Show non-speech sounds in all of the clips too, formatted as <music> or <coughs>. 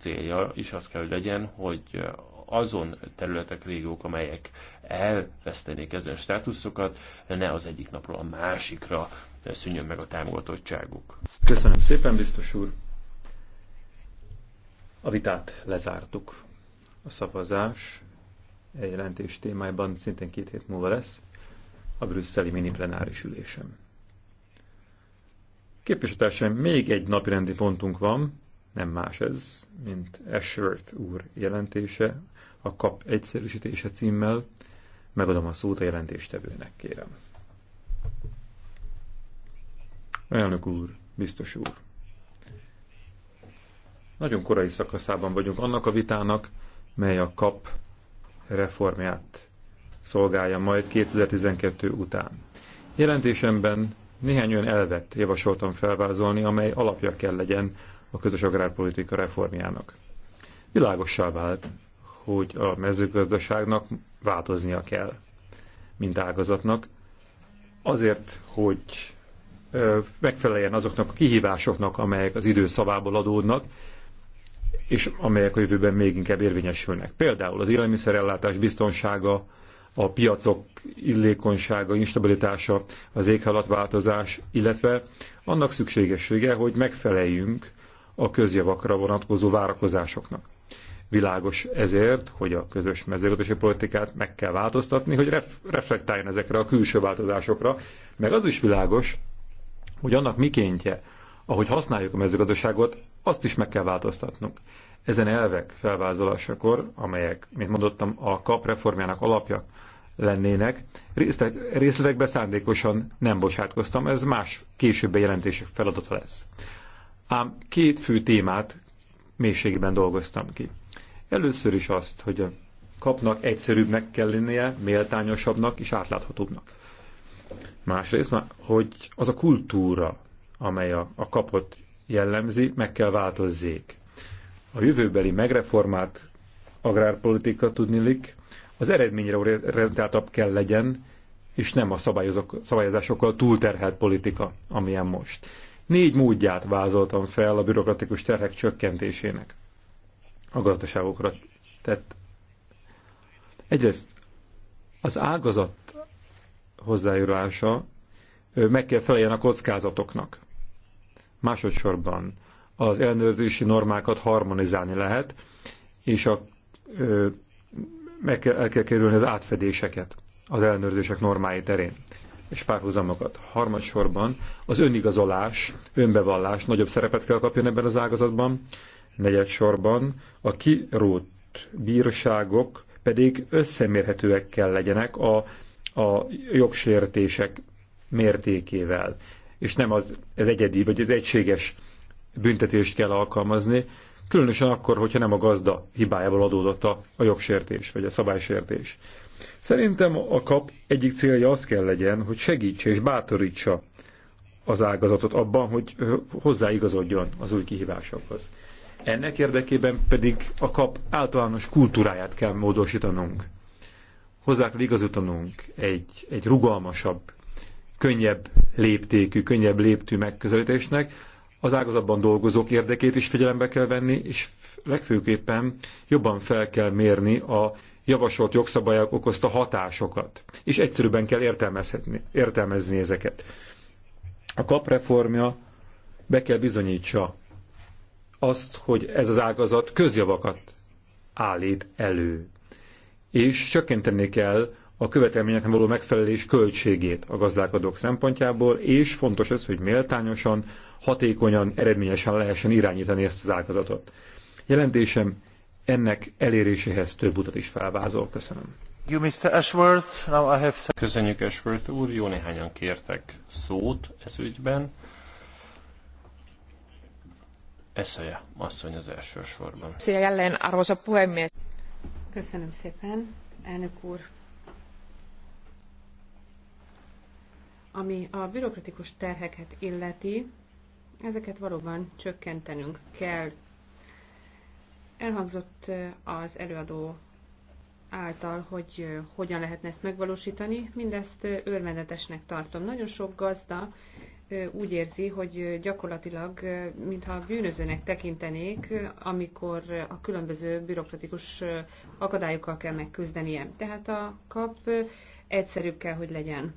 célja is az kell, hogy legyen, hogy azon területek, régiók, amelyek elvesztenék ezen státuszokat, ne az egyik napról a másikra szűnjön meg a támogatottságuk. Köszönöm szépen, biztos úr! A vitát lezártuk. A szavazás egy jelentés témájában szintén két hét múlva lesz a brüsszeli plenáris ülésem. Képviselőtársaim, még egy napirendi pontunk van, nem más ez, mint Ashworth úr jelentése, a kap egyszerűsítése címmel. Megadom a szót a jelentéstevőnek, kérem. Elnök úr, biztos úr. Nagyon korai szakaszában vagyunk annak a vitának, mely a kap reformját szolgálja majd 2012 után. Jelentésemben néhány olyan elvet javasoltam felvázolni, amely alapja kell legyen a közös agrárpolitika reformjának. Világossá vált, hogy a mezőgazdaságnak változnia kell, mint ágazatnak, azért, hogy megfeleljen azoknak a kihívásoknak, amelyek az szavából adódnak, és amelyek a jövőben még inkább érvényesülnek. Például az élelmiszerellátás biztonsága, a piacok illékonysága, instabilitása, az éghajlatváltozás, illetve annak szükségessége, hogy megfeleljünk a közjavakra vonatkozó várakozásoknak. Világos ezért, hogy a közös mezőgazdasági politikát meg kell változtatni, hogy ref- reflektáljon ezekre a külső változásokra, meg az is világos, hogy annak mikéntje, ahogy használjuk a mezőgazdaságot, azt is meg kell változtatnunk. Ezen elvek felvázolásakor, amelyek, mint mondottam, a KAP reformjának alapja lennének, részletekbe szándékosan nem bocsátkoztam, ez más később jelentések feladata lesz. Ám két fő témát mélységben dolgoztam ki. Először is azt, hogy a kapnak egyszerűbbnek kell lennie, méltányosabbnak és átláthatóbbnak. Másrészt, hogy az a kultúra, amely a, a kapot jellemzi, meg kell változzék. A jövőbeli megreformált agrárpolitika tudnilik az eredményre orientáltabb kell legyen, és nem a szabályozásokkal túlterhelt politika, amilyen most. Négy módját vázoltam fel a bürokratikus terhek csökkentésének a gazdaságokra tett. Egyrészt az ágazat hozzájárulása, meg kell feleljen a kockázatoknak. Másodszorban az ellenőrzési normákat harmonizálni lehet, és a, ö, meg kell, el kell kerülni az átfedéseket az ellenőrzések normái terén és párhuzamokat. Harmadsorban az önigazolás, önbevallás nagyobb szerepet kell kapjon ebben az ágazatban. Negyedsorban a kirót bírságok pedig összemérhetőek kell legyenek a, a jogsértések mértékével, és nem az, az egyedi vagy az egységes büntetést kell alkalmazni, különösen akkor, hogyha nem a gazda hibájából adódott a, a jogsértés vagy a szabálysértés. Szerintem a kap egyik célja az kell legyen, hogy segítse és bátorítsa az ágazatot abban, hogy hozzáigazodjon az új kihívásokhoz. Ennek érdekében pedig a kap általános kultúráját kell módosítanunk. Hozzá kell igazítanunk egy, egy rugalmasabb, könnyebb léptékű, könnyebb léptű megközelítésnek, az ágazatban dolgozók érdekét is figyelembe kell venni, és legfőképpen jobban fel kell mérni a javasolt jogszabályok okozta hatásokat, és egyszerűbben kell értelmezhetni, értelmezni ezeket. A kapreformja be kell bizonyítsa azt, hogy ez az ágazat közjavakat állít elő. És csökkenteni kell a követelményeknek való megfelelés költségét a gazdálkodók szempontjából, és fontos ez, hogy méltányosan, hatékonyan, eredményesen lehessen irányítani ezt az ágazatot. Jelentésem ennek eléréséhez több utat is felvázol. Köszönöm. You, Mr. Ashworth. Now I have... Köszönjük, Ashworth úr. Jó néhányan kértek szót ez ügyben. Eszeje, asszony az első sorban. Szia arvoisa puhemies. Köszönöm szépen, elnök úr. Ami a bürokratikus terheket illeti, ezeket valóban csökkentenünk kell Elhangzott az előadó által, hogy hogyan lehetne ezt megvalósítani, mindezt örvendetesnek tartom. Nagyon sok gazda úgy érzi, hogy gyakorlatilag mintha bűnözőnek tekintenék, amikor a különböző bürokratikus akadályokkal kell megküzdenie. Tehát a kap egyszerűbb kell, hogy legyen.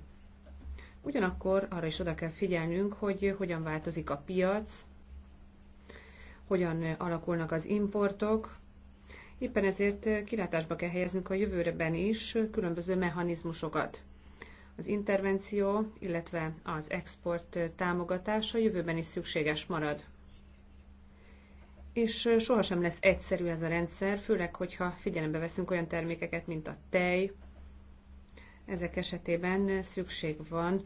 Ugyanakkor arra is oda kell figyelnünk, hogy hogyan változik a piac, hogyan alakulnak az importok. Éppen ezért kilátásba kell helyeznünk a jövőreben is különböző mechanizmusokat. Az intervenció, illetve az export támogatása jövőben is szükséges marad és sohasem lesz egyszerű ez a rendszer, főleg, hogyha figyelembe veszünk olyan termékeket, mint a tej. Ezek esetében szükség van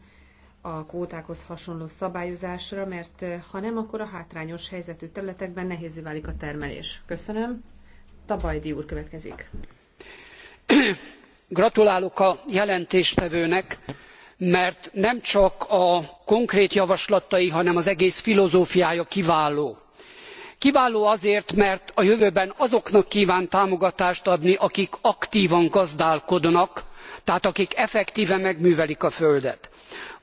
a kvótákhoz hasonló szabályozásra, mert eh, ha nem, akkor a hátrányos helyzetű területekben nehézé válik a termelés. Köszönöm. Tabajdi úr következik. <coughs> Gratulálok a jelentéstevőnek, mert nem csak a konkrét javaslatai, hanem az egész filozófiája kiváló. Kiváló azért, mert a jövőben azoknak kíván támogatást adni, akik aktívan gazdálkodnak, tehát akik effektíven megművelik a földet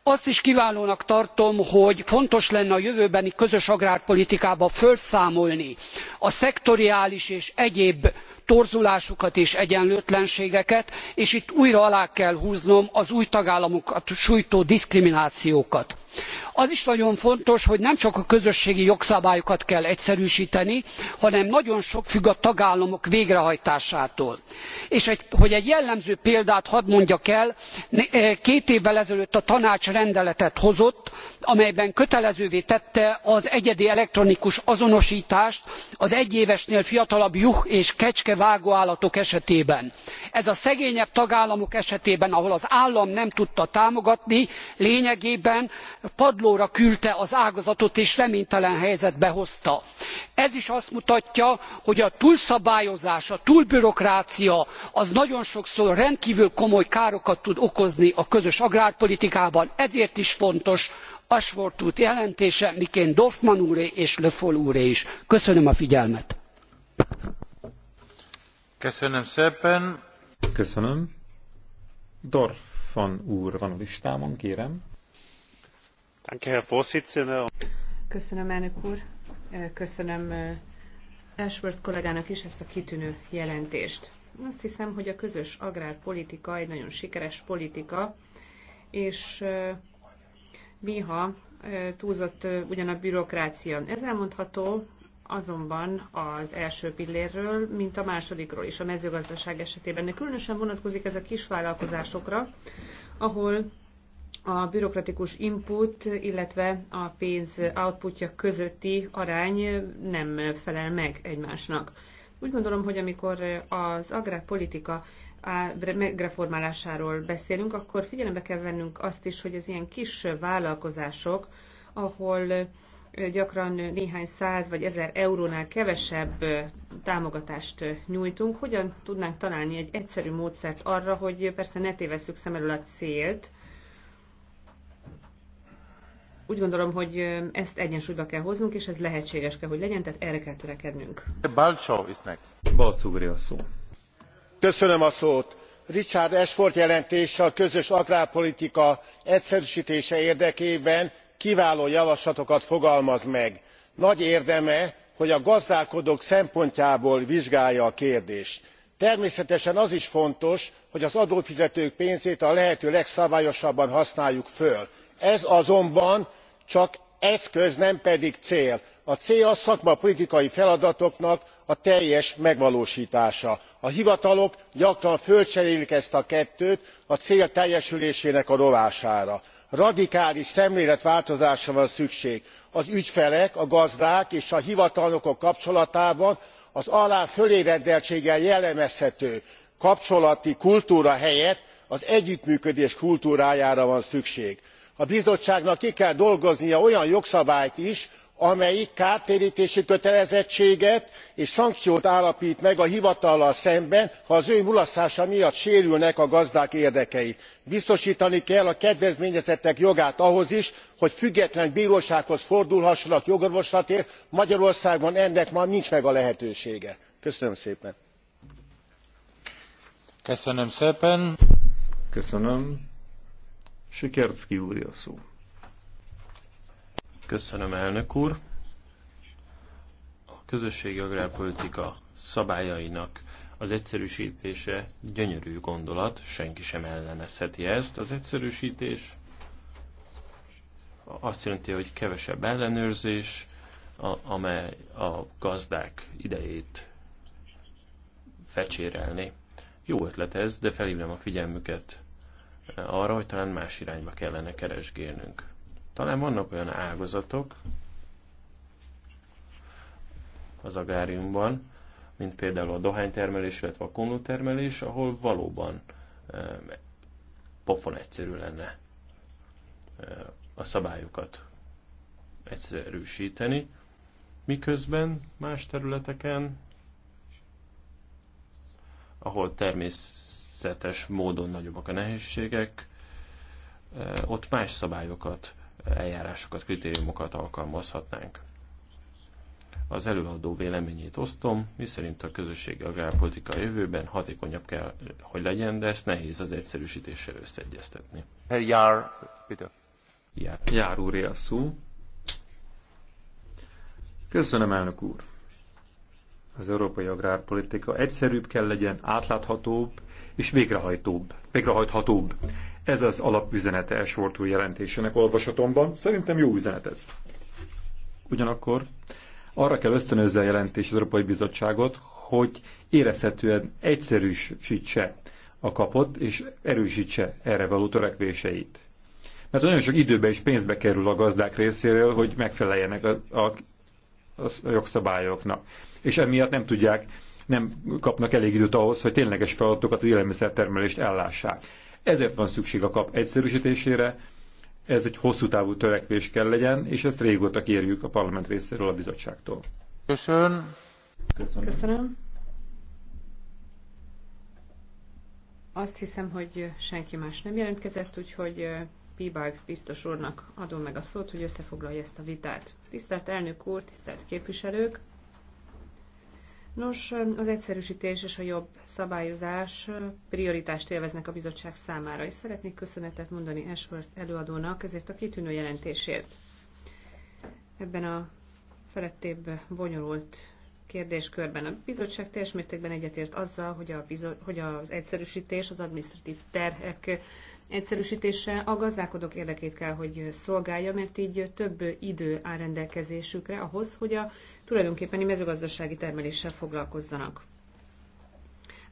azt is kiválónak tartom hogy fontos lenne a jövőbeni közös agrárpolitikában fölszámolni a szektoriális és egyéb torzulásokat és egyenlőtlenségeket és itt újra alá kell húznom az új tagállamokat sújtó diszkriminációkat. az is nagyon fontos hogy nem csak a közösségi jogszabályokat kell egyszerűsteni hanem nagyon sok függ a tagállamok végrehajtásától. és hogy egy jellemző példát hadd mondjak el eh, két évvel ezelőtt a tanács rendeletet hozott amelyben kötelezővé tette az egyedi elektronikus azonostást az egyévesnél fiatalabb juh és kecske vágóállatok esetében. ez a szegényebb tagállamok esetében ahol az állam nem tudta támogatni lényegében padlóra küldte az ágazatot és reménytelen helyzetbe hozta. ez is azt mutatja hogy a túlszabályozás a túlbürokrácia az nagyon sokszor rendkvül komoly károkat tud okozni a közös agrárpolitikában ezért is fontos ashworth úr jelentése miként dorfmann úré és le foll úré is. köszönöm a figyelmet. Köszönöm szépen. Köszönöm. Dorfan úr van a listámon, kérem. Köszönöm, elnök úr. Köszönöm Ashworth kollégának is ezt a kitűnő jelentést. Azt hiszem, hogy a közös agrárpolitika egy nagyon sikeres politika, és néha túlzott ugyan a bürokrácia. Ez elmondható azonban az első pillérről, mint a másodikról is a mezőgazdaság esetében. De különösen vonatkozik ez a kisvállalkozásokra, ahol a bürokratikus input, illetve a pénz outputja közötti arány nem felel meg egymásnak. Úgy gondolom, hogy amikor az agrárpolitika megreformálásáról beszélünk, akkor figyelembe kell vennünk azt is, hogy az ilyen kis vállalkozások, ahol gyakran néhány száz vagy ezer eurónál kevesebb támogatást nyújtunk. Hogyan tudnánk találni egy egyszerű módszert arra, hogy persze ne tévesszük szem elől a célt, úgy gondolom, hogy ezt egyensúlyba kell hoznunk, és ez lehetséges kell, hogy legyen, tehát erre kell törekednünk. Balcsó a szó. Köszönöm a szót. Richard Esford jelentése a közös agrárpolitika egyszerűsítése érdekében kiváló javaslatokat fogalmaz meg. nagy érdeme hogy a gazdálkodók szempontjából vizsgálja a kérdést. természetesen az is fontos hogy az adófizetők pénzét a lehető legszabályosabban használjuk föl. ez azonban csak eszköz nem pedig cél. a cél a szakmapolitikai feladatoknak a teljes megvalóstása. a hivatalok gyakran fölcserélik ezt a kettőt a cél teljesülésének a rovására radikális szemléletváltozásra van szükség az ügyfelek a gazdák és a hivatalnokok kapcsolatában az alá fölérendeltséggel jellemezhető kapcsolati kultúra helyett az együttműködés kultúrájára van szükség. a bizottságnak ki kell dolgoznia olyan jogszabályt is amelyik kártértési kötelezettséget és szankciót állapt meg a hivatallal szemben ha az ő mulasztása miatt sérülnek a gazdák érdekei. biztostani kell a kedvezményezettek jogát ahhoz is hogy független brósághoz fordulhassanak jogorvoslatért magyarországon ennek ma nincs meg a lehetősége. köszönöm szépen! Köszönöm szépen. Köszönöm. Köszönöm, elnök úr. A közösségi agrárpolitika szabályainak az egyszerűsítése gyönyörű gondolat, senki sem ellenezheti ezt. Az egyszerűsítés azt jelenti, hogy kevesebb ellenőrzés, a, amely a gazdák idejét fecsérelni. Jó ötlet ez, de felhívnám a figyelmüket arra, hogy talán más irányba kellene keresgélnünk. Talán vannak olyan ágazatok az agáriumban, mint például a dohánytermelés, illetve a komlótermelés, ahol valóban pofon egyszerű lenne a szabályokat egyszerűsíteni, miközben más területeken, ahol természetes módon nagyobbak a nehézségek, ott más szabályokat eljárásokat, kritériumokat alkalmazhatnánk. Az előadó véleményét osztom, miszerint a közösségi agrárpolitika jövőben hatékonyabb kell, hogy legyen, de ezt nehéz az egyszerűsítéssel összeegyeztetni. Jár, Jár, jár úr, a szó. Köszönöm, elnök úr! Az európai agrárpolitika egyszerűbb kell legyen, átláthatóbb és végrehajtóbb, végrehajthatóbb. Ez az alapüzenete Esfortú jelentésének olvasatomban. Szerintem jó üzenet ez. Ugyanakkor arra kell ösztönözze a jelentés az Európai Bizottságot, hogy érezhetően egyszerűsítse a kapot, és erősítse erre való törekvéseit. Mert nagyon sok időbe és pénzbe kerül a gazdák részéről, hogy megfeleljenek a, a, a jogszabályoknak. És emiatt nem tudják, nem kapnak elég időt ahhoz, hogy tényleges feladatokat, az élelmiszertermelést ellássák. Ezért van szükség a kap egyszerűsítésére, ez egy hosszú távú törekvés kell legyen, és ezt régóta kérjük a parlament részéről a bizottságtól. Köszön. Köszönöm. Köszönöm. Azt hiszem, hogy senki más nem jelentkezett, úgyhogy Pibax biztos úrnak adom meg a szót, hogy összefoglalja ezt a vitát. Tisztelt elnök úr, tisztelt képviselők! Nos, az egyszerűsítés és a jobb szabályozás prioritást élveznek a bizottság számára, és szeretnék köszönetet mondani Ashworth előadónak ezért a kitűnő jelentésért. Ebben a felettébb bonyolult kérdéskörben a bizottság teljes mértékben egyetért azzal, hogy, a bizo, hogy az egyszerűsítés az administratív terhek egyszerűsítése a gazdálkodók érdekét kell, hogy szolgálja, mert így több idő áll rendelkezésükre ahhoz, hogy a tulajdonképpeni mezőgazdasági termeléssel foglalkozzanak.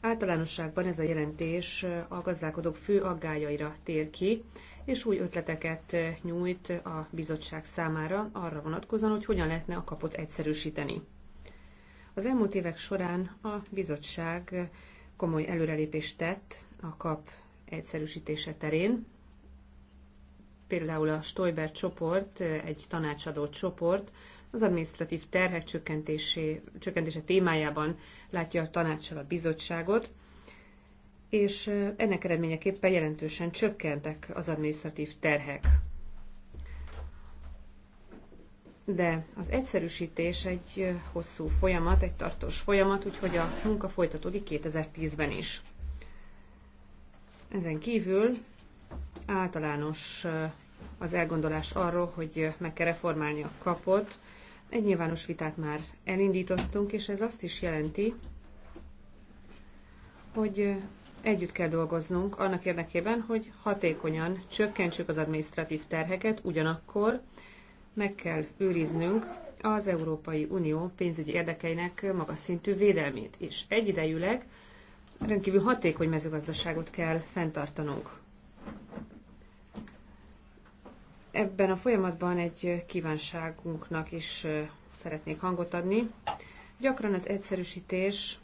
Általánosságban ez a jelentés a gazdálkodók fő aggájaira tér ki, és új ötleteket nyújt a bizottság számára arra vonatkozóan, hogy hogyan lehetne a kapot egyszerűsíteni. Az elmúlt évek során a bizottság komoly előrelépést tett a kap egyszerűsítése terén. Például a Stoiber csoport, egy tanácsadó csoport, az adminisztratív terhek csökkentése, csökkentése témájában látja a tanácsal a bizottságot, és ennek eredményeképpen jelentősen csökkentek az adminisztratív terhek. De az egyszerűsítés egy hosszú folyamat, egy tartós folyamat, úgyhogy a munka folytatódik 2010-ben is. Ezen kívül általános eh, az elgondolás arról, hogy eh, meg kell reformálni a kapot. Egy nyilvános vitát már elindítottunk, és ez azt is jelenti, hogy eh, együtt kell dolgoznunk annak érdekében, hogy hatékonyan csökkentsük az adminisztratív terheket, ugyanakkor meg kell őriznünk az Európai Unió pénzügyi érdekeinek magas szintű védelmét is. Egyidejűleg rendkívül hatékony mezőgazdaságot kell fenntartanunk. Ebben a folyamatban egy kívánságunknak is szeretnék hangot adni. Gyakran az egyszerűsítés,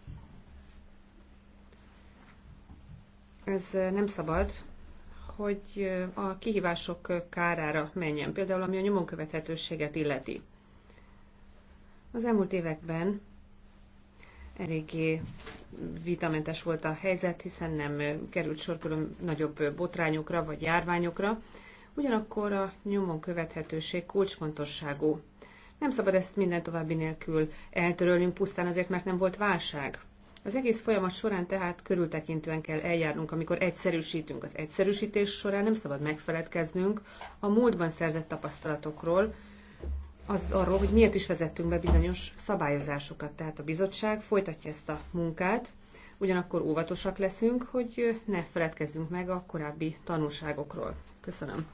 ez nem szabad, hogy a kihívások kárára menjen, például ami a nyomonkövethetőséget illeti. Az elmúlt években eléggé vitamentes volt a helyzet, hiszen nem került sor külön nagyobb botrányokra vagy járványokra. Ugyanakkor a nyomon követhetőség kulcsfontosságú. Nem szabad ezt minden további nélkül eltörölnünk pusztán azért, mert nem volt válság. Az egész folyamat során tehát körültekintően kell eljárnunk, amikor egyszerűsítünk. Az egyszerűsítés során nem szabad megfeledkeznünk a múltban szerzett tapasztalatokról, az arról, hogy miért is vezettünk be bizonyos szabályozásokat. Tehát a bizottság folytatja ezt a munkát, ugyanakkor óvatosak leszünk, hogy ne feledkezzünk meg a korábbi tanulságokról. Köszönöm.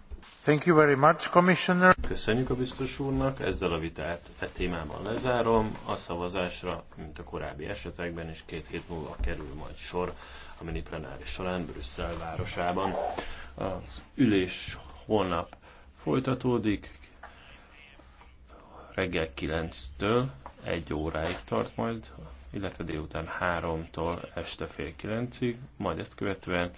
Thank you very much, Commissioner. Köszönjük a biztos úrnak, ezzel a vitát e témában lezárom. A szavazásra, mint a korábbi esetekben is két hét múlva kerül majd sor a mini plenáris során Brüsszel városában. Az ülés holnap folytatódik, reggel 9-től 1 óráig tart majd, illetve délután 3-tól este fél 9-ig, majd ezt követően